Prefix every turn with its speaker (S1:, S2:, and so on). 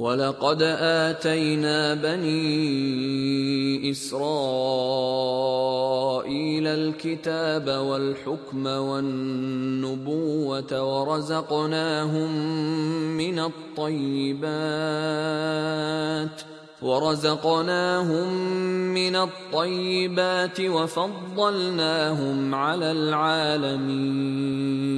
S1: ولقد آتينا بني إسرائيل الكتاب والحكم والنبوة ورزقناهم من الطيبات ورزقناهم من الطيبات وفضلناهم على العالمين